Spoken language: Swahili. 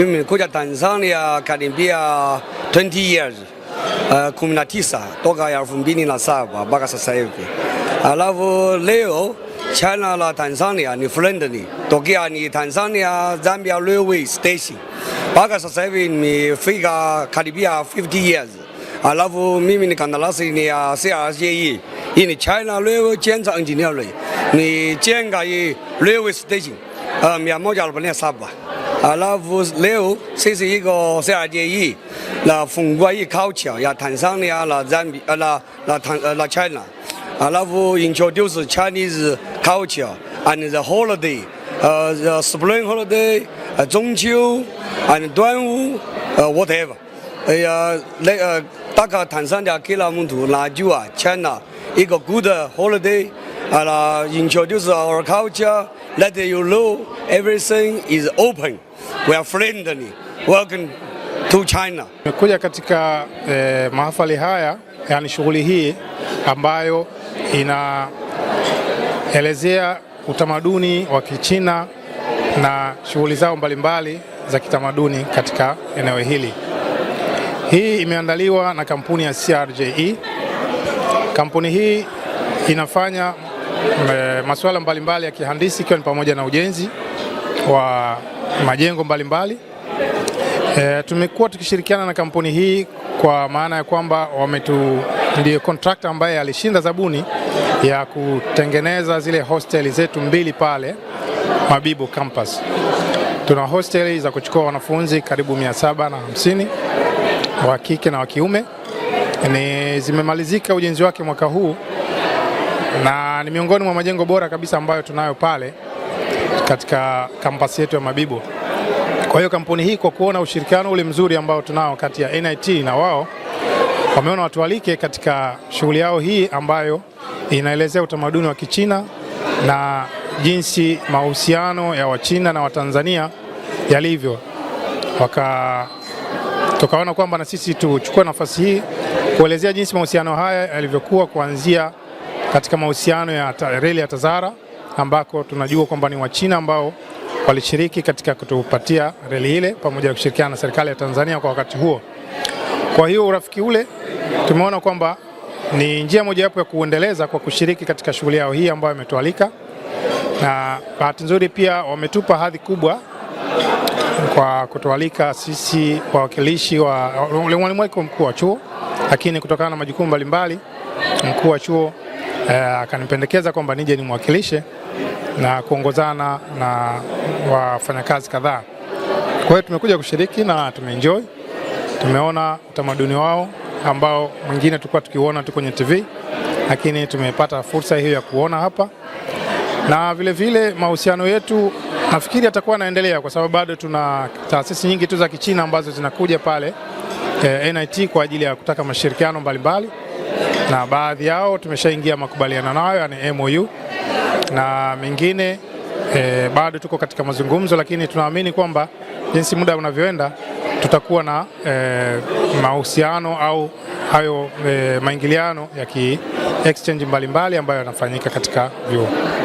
Mimi nimekuja Tanzania karibia 20 years uh, 19 toka elfu mbili na saba mpaka sasa hivi. Alafu leo China la Tanzania ni friendly tokea ni Tanzania Zambia railway station mpaka sasa hivi nimefika karibia 50 years. Alafu mimi ni kandarasi ni ya CRJE. Hii ni China Railway Chenza Engineering. Ni jenga hii railway station uh, 147啊，那屋楼这是一个十二节一。那风国一 c u l t 要谈上的啊，那染啊，那那谈呃，那 china。啊，那五 introduce Chinese culture and the holiday，呃，spring holiday，呃，中秋，and 端午，呃，whatever。哎呀，那呃，大家谈上的啊，给那们读那酒啊，china。一个 good uh, holiday uh, introduce our culture，let you know everything is open. We are friendly. Welcome to China. katika eh, mahafali haya yani shughuli hii ambayo inaelezea utamaduni wa Kichina na shughuli zao mbalimbali za kitamaduni katika eneo hili. Hii imeandaliwa na kampuni ya CRJE Kampuni hii inafanya eh, masuala mbalimbali ya kihandisi ikiwa ni pamoja na ujenzi wa majengo mbalimbali. E, tumekuwa tukishirikiana na kampuni hii kwa maana ya kwamba wametu ndio kontrakta ambaye alishinda zabuni ya kutengeneza zile hosteli zetu mbili pale Mabibu campus. Tuna hosteli za kuchukua wanafunzi karibu 750 wa kike na wa kiume ni zimemalizika ujenzi wake mwaka huu na ni miongoni mwa majengo bora kabisa ambayo tunayo pale katika kampasi yetu ya Mabibo. Kwa hiyo kampuni hii kwa kuona ushirikiano ule mzuri ambao tunao kati ya NIT na wao, wameona watualike katika shughuli yao hii ambayo inaelezea utamaduni wa Kichina na jinsi mahusiano ya Wachina na Watanzania yalivyo, waka tukaona kwamba na sisi tuchukue nafasi hii kuelezea jinsi mahusiano haya yalivyokuwa kuanzia katika mahusiano ya reli ya Tazara ambako tunajua kwamba ni Wachina ambao walishiriki katika kutupatia reli ile pamoja na kushirikiana na serikali ya Tanzania kwa wakati huo. Kwa hiyo urafiki ule tumeona kwamba ni njia mojawapo ya kuendeleza kwa kushiriki katika shughuli yao hii ambayo imetualika, na bahati nzuri pia wametupa hadhi kubwa kwa kutualika sisi wawakilishi wa mwalimu mkuu wa chuo lakini kutokana na majukumu mbalimbali mkuu wa chuo eh, akanipendekeza kwamba nije nimwakilishe na kuongozana na wafanyakazi kadhaa. Kwa hiyo tumekuja kushiriki na tumeenjoy, tumeona utamaduni wao ambao mwingine tulikuwa tukiuona tu kwenye TV, lakini tumepata fursa hiyo ya kuona hapa, na vilevile mahusiano yetu nafikiri yatakuwa yanaendelea, kwa sababu bado tuna taasisi nyingi tu za Kichina ambazo zinakuja pale eh, NIT kwa ajili ya kutaka mashirikiano mbalimbali na baadhi yao tumeshaingia makubaliano nayo yani MOU na mengine eh, bado tuko katika mazungumzo, lakini tunaamini kwamba jinsi muda unavyoenda tutakuwa na eh, mahusiano au hayo eh, maingiliano ya ki exchange mbalimbali mbali ambayo yanafanyika katika vyuo.